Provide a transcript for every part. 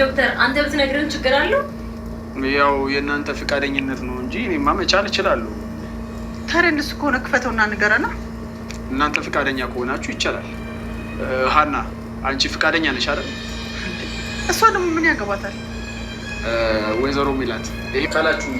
ዶክተር አንተ ብትነግረን ችግር አለው? ያው የእናንተ ፈቃደኝነት ነው እንጂ እኔማ መቻል እችላለሁ። ታዲያ እንደሱ ከሆነ ክፈተውና ንገረና። እናንተ ፈቃደኛ ከሆናችሁ ይቻላል። ሀና አንቺ ፈቃደኛ ነሽ አይደል? እሷ ደግሞ ምን ያገባታል? ወይዘሮ ሚላት ይሄ ካላችሁ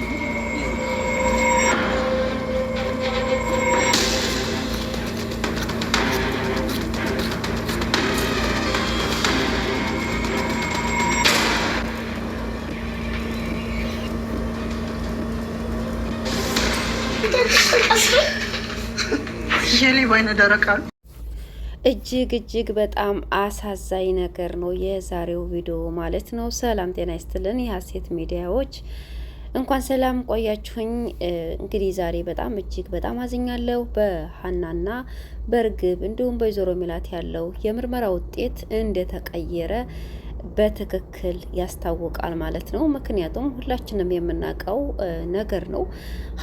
እጅግ እጅግ በጣም አሳዛኝ ነገር ነው የዛሬው ቪዲዮ ማለት ነው። ሰላም ጤና ይስጥልን የሀሴት ሚዲያዎች እንኳን ሰላም ቆያችሁኝ። እንግዲህ ዛሬ በጣም እጅግ በጣም አዝኛለሁ። በሀናና በእርግብ እንዲሁም በወይዘሮ ሚላት ያለው የምርመራ ውጤት እንደተቀየረ በትክክል ያስታውቃል ማለት ነው። ምክንያቱም ሁላችንም የምናውቀው ነገር ነው።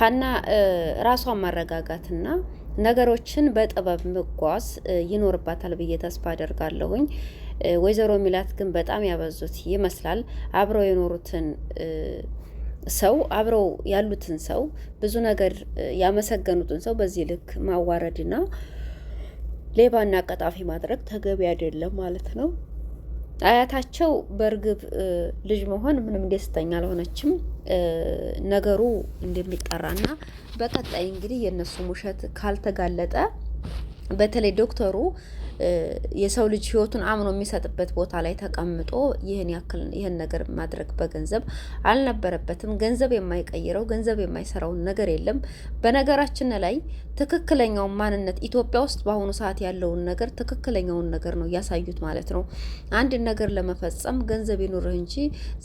ሀና ራሷን ማረጋጋትና ነገሮችን በጥበብ መጓዝ ይኖርባታል ብዬ ተስፋ አደርጋለሁኝ። ወይዘሮ ሚላት ግን በጣም ያበዙት ይመስላል። አብረው የኖሩትን ሰው አብረው ያሉትን ሰው ብዙ ነገር ያመሰገኑትን ሰው በዚህ ልክ ማዋረድና ሌባና ቀጣፊ ማድረግ ተገቢ አይደለም ማለት ነው። አያታቸው በእርግብ ልጅ መሆን ምንም ደስተኛ አልሆነችም። ነገሩ እንደሚጠራና በቀጣይ እንግዲህ የእነሱ ውሸት ካልተጋለጠ በተለይ ዶክተሩ የሰው ልጅ ህይወቱን አምኖ የሚሰጥበት ቦታ ላይ ተቀምጦ ይህን ያክል ይህን ነገር ማድረግ በገንዘብ አልነበረበትም። ገንዘብ የማይቀይረው ገንዘብ የማይሰራውን ነገር የለም። በነገራችን ላይ ትክክለኛውን ማንነት ኢትዮጵያ ውስጥ በአሁኑ ሰዓት ያለውን ነገር ትክክለኛውን ነገር ነው እያሳዩት ማለት ነው። አንድ ነገር ለመፈጸም ገንዘብ ይኑርህ እንጂ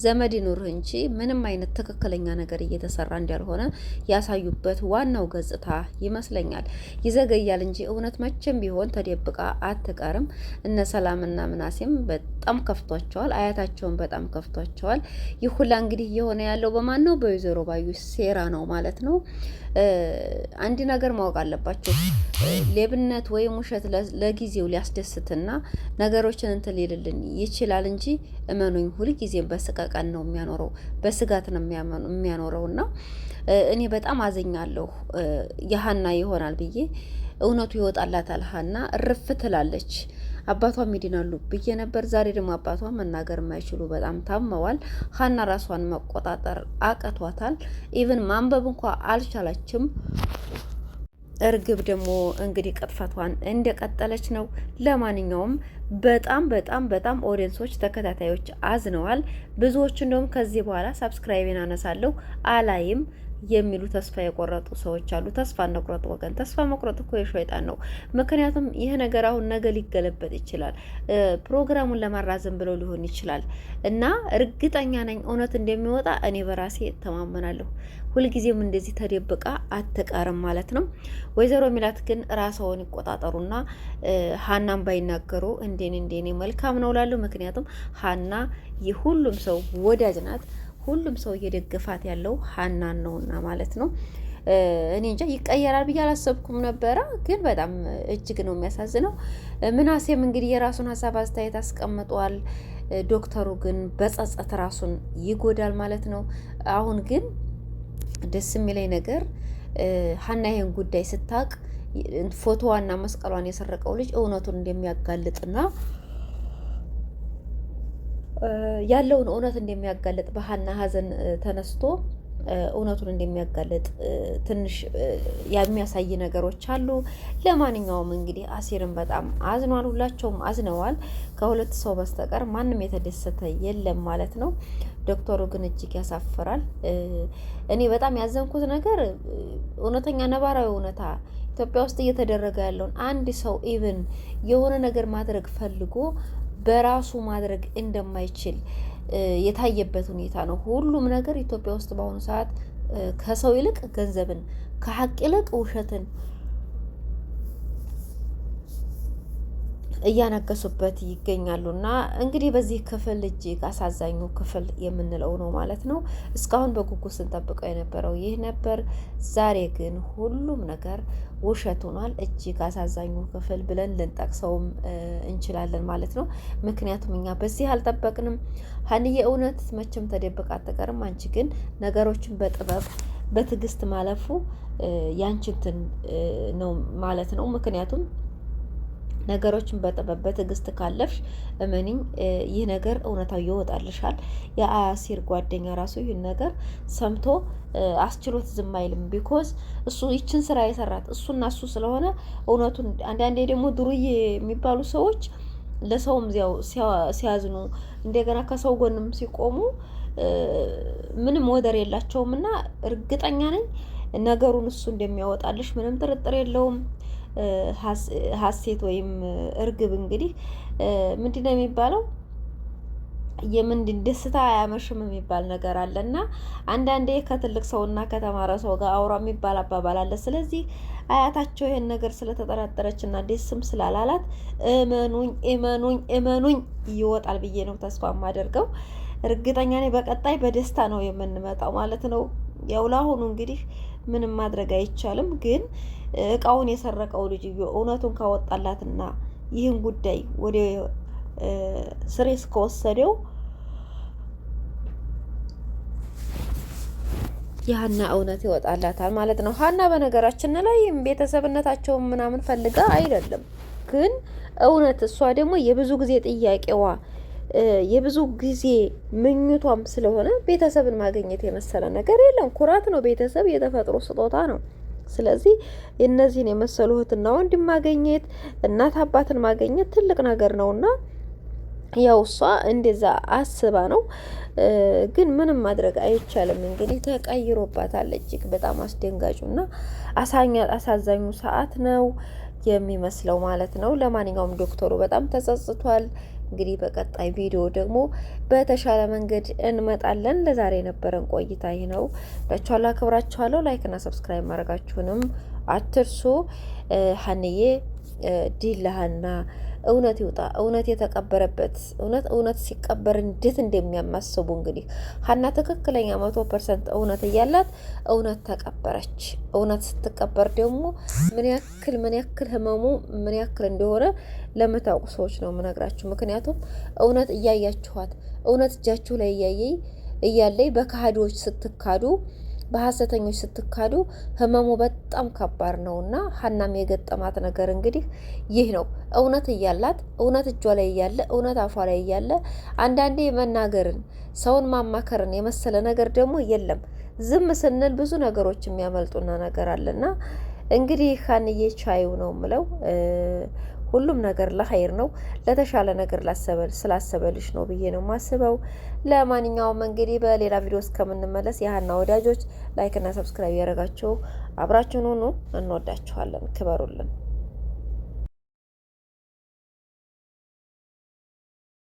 ዘመድ ይኑርህ እንጂ ምንም አይነት ትክክለኛ ነገር እየተሰራ እንዳልሆነ ያሳዩበት ዋናው ገጽታ ይመስለኛል። ይዘገያል እንጂ እውነት መቼም ቢሆን ተደብቃ አትቀርም። እነ ሰላምና ምናሴም በጣም ከፍቷቸዋል። አያታቸውን በጣም ከፍቷቸዋል። ይህ ሁላ እንግዲህ እየሆነ ያለው በማን ነው? በወይዘሮ ባዩ ሴራ ነው ማለት ነው። አንድ ነገር ማወቅ አለባቸው። ሌብነት ወይም ውሸት ለጊዜው ሊያስደስትና ነገሮችን እንትን ሊልልን ይችላል እንጂ እመኑኝ፣ ሁልጊዜም በስቀቀን ነው የሚያኖረው፣ በስጋት ነው የሚያኖረውና እኔ በጣም አዘኛለሁ የሀና ይሆናል ብዬ እውነቱ ይወጣላታል። ሀና እርፍ ትላለች። አባቷም ይድናሉ ብዬ ነበር። ዛሬ ደግሞ አባቷ መናገር የማይችሉ በጣም ታመዋል። ሀና ራሷን መቆጣጠር አቅቷታል። ኢቭን ማንበብ እንኳ አልቻለችም። እርግብ ደግሞ እንግዲህ ቅጥፈቷን እንደቀጠለች ነው። ለማንኛውም በጣም በጣም በጣም ኦዲየንሶች ተከታታዮች አዝነዋል። ብዙዎች እንደውም ከዚህ በኋላ ሰብስክራይብን አነሳለሁ አላይም የሚሉ ተስፋ የቆረጡ ሰዎች አሉ። ተስፋ እንቁረጥ ወገን፣ ተስፋ መቁረጥ እኮ የሸይጣን ነው። ምክንያቱም ይህ ነገር አሁን ነገ ሊገለበጥ ይችላል። ፕሮግራሙን ለማራዘም ብለው ሊሆን ይችላል እና እርግጠኛ ነኝ እውነት እንደሚወጣ እኔ በራሴ እተማመናለሁ። ሁልጊዜም እንደዚህ ተደብቃ አትቀርም ማለት ነው። ወይዘሮ ሚላት ግን ራስዎን ይቆጣጠሩና ሀናን ባይናገሩ እንዴኔ እንዴኔ መልካም ነው ላሉ። ምክንያቱም ሀና የሁሉም ሰው ወዳጅ ናት። ሁሉም ሰው እየደገፋት ያለው ሀናን ነውና ማለት ነው። እኔ እንጃ ይቀየራል ብዬ አላሰብኩም ነበረ፣ ግን በጣም እጅግ ነው የሚያሳዝነው። ምናሴም እንግዲህ የራሱን ሀሳብ አስተያየት አስቀምጧል። ዶክተሩ ግን በጸጸት ራሱን ይጎዳል ማለት ነው። አሁን ግን ደስ የሚለኝ ነገር ሀና ይሄን ጉዳይ ስታቅ ፎቶዋና መስቀሏን የሰረቀው ልጅ እውነቱን እንደሚያጋልጥና ያለውን እውነት እንደሚያጋለጥ በሀና ሀዘን ተነስቶ እውነቱን እንደሚያጋለጥ ትንሽ የሚያሳይ ነገሮች አሉ። ለማንኛውም እንግዲህ አሲርን በጣም አዝኗል። ሁላቸውም አዝነዋል። ከሁለት ሰው በስተቀር ማንም የተደሰተ የለም ማለት ነው። ዶክተሩ ግን እጅግ ያሳፍራል። እኔ በጣም ያዘንኩት ነገር እውነተኛ ነባራዊ እውነታ ኢትዮጵያ ውስጥ እየተደረገ ያለውን አንድ ሰው ኢቭን የሆነ ነገር ማድረግ ፈልጎ በራሱ ማድረግ እንደማይችል የታየበት ሁኔታ ነው። ሁሉም ነገር ኢትዮጵያ ውስጥ በአሁኑ ሰዓት ከሰው ይልቅ ገንዘብን፣ ከሀቅ ይልቅ ውሸትን እያነገሱበት እና እንግዲህ በዚህ ክፍል እጅግ አሳዛኙ ክፍል የምንለው ነው ማለት ነው። እስካሁን በጉጉት ስንጠብቀው የነበረው ይህ ነበር። ዛሬ ግን ሁሉም ነገር ውሸት ሆኗል። እጅግ አሳዛኙ ክፍል ብለን ልንጠቅሰውም እንችላለን ማለት ነው። ምክንያቱም እኛ በዚህ አልጠበቅንም። ሀኒ እውነት መቼም ተደብቃ አትቀርም። አንቺ ግን ነገሮችን በጥበብ በትዕግስት ማለፉ ያንቺ እንትን ነው ማለት ነው። ምክንያቱም ነገሮችን በጥበብ በትዕግስት ካለፍሽ እመኒኝ ይህ ነገር እውነታው ይወጣልሻል። የአሲር ጓደኛ ራሱ ይህን ነገር ሰምቶ አስችሎት ዝም አይልም። ቢኮዝ እሱ ይችን ስራ የሰራት እሱና እሱ ስለሆነ እውነቱን አንዳንዴ ደግሞ ዱርዬ የሚባሉ ሰዎች ለሰውም ያው ሲያዝኑ እንደገና ከሰው ጎንም ሲቆሙ ምንም ወደር የላቸውም እና እርግጠኛ ነኝ ነገሩን እሱ እንደሚያወጣልሽ ምንም ጥርጥር የለውም። ሀሴት ወይም እርግብ እንግዲህ ምንድን ነው የሚባለው የምንድን ደስታ አያመሽም የሚባል ነገር አለ እና አንዳንዴ ከትልቅ ሰው እና ከተማረ ሰው ጋር አውራ የሚባል አባባል አለ። ስለዚህ አያታቸው ይህን ነገር ስለተጠራጠረች እና ደስም ስላላላት እመኑኝ እመኑኝ እመኑኝ ይወጣል ብዬ ነው ተስፋ የማደርገው። እርግጠኛ ነኝ በቀጣይ በደስታ ነው የምንመጣው ማለት ነው። ያው ለአሁኑ እንግዲህ ምንም ማድረግ አይቻልም ግን እቃውን የሰረቀው ልጅዮ እውነቱን ካወጣላትና ይህን ጉዳይ ወደ ስሬስ ከወሰደው የሀና እውነት ይወጣላታል ማለት ነው። ሀና በነገራችን ላይ ቤተሰብነታቸውን ምናምን ፈልጋ አይደለም፣ ግን እውነት እሷ ደግሞ የብዙ ጊዜ ጥያቄዋ የብዙ ጊዜ ምኞቷም ስለሆነ ቤተሰብን ማግኘት የመሰለ ነገር የለም። ኩራት ነው። ቤተሰብ የተፈጥሮ ስጦታ ነው። ስለዚህ እነዚህን የመሰሉ እህትና ወንድም ማገኘት እናት አባትን ማገኘት ትልቅ ነገር ነውና ያው እሷ እንደዛ አስባ ነው። ግን ምንም ማድረግ አይቻልም። እንግዲህ ተቀይሮባታል። እጅግ በጣም አስደንጋጩና አሳዛኙ ሰዓት ነው። የሚመስለው ማለት ነው። ለማንኛውም ዶክተሩ በጣም ተጸጽቷል። እንግዲህ በቀጣይ ቪዲዮ ደግሞ በተሻለ መንገድ እንመጣለን። ለዛሬ የነበረን ቆይታ ይህ ነው። ዳችኋላ አክብራችኋለሁ። ላይክና ሰብስክራይብ ማድረጋችሁንም አትርሱ። ሀንዬ ዲላሃና እውነት ይውጣ፣ እውነት የተቀበረበት እውነት እውነት ሲቀበር እንዴት እንደሚያማስቡ እንግዲህ ሀና ትክክለኛ መቶ ፐርሰንት እውነት እያላት እውነት ተቀበረች። እውነት ስትቀበር ደግሞ ምን ያክል ምን ያክል ህመሙ ምን ያክል እንደሆነ ለምታውቁ ሰዎች ነው የምነግራችሁ። ምክንያቱም እውነት እያያችኋት እውነት እጃችሁ ላይ እያየ እያለይ በካህዶች ስትካዱ በሀሰተኞች ስትካዱ ህመሙ በጣም ከባድ ነው እና ሀናም የገጠማት ነገር እንግዲህ ይህ ነው። እውነት እያላት እውነት እጇ ላይ እያለ እውነት አፏ ላይ እያለ አንዳንዴ መናገርን ሰውን ማማከርን የመሰለ ነገር ደግሞ የለም። ዝም ስንል ብዙ ነገሮች የሚያመልጡና ነገር አለና እንግዲህ ሀንዬ ቻዩ ነው ምለው ሁሉም ነገር ለኸይር ነው፣ ለተሻለ ነገር ስላሰበልሽ ነው ብዬ ነው ማስበው። ለማንኛውም እንግዲህ በሌላ ቪዲዮ እስከምንመለስ የሀና ወዳጆች ላይክና ሰብስክራይብ ያደረጋችሁ አብራችን ሁኑ። እንወዳችኋለን፣ ክበሩልን።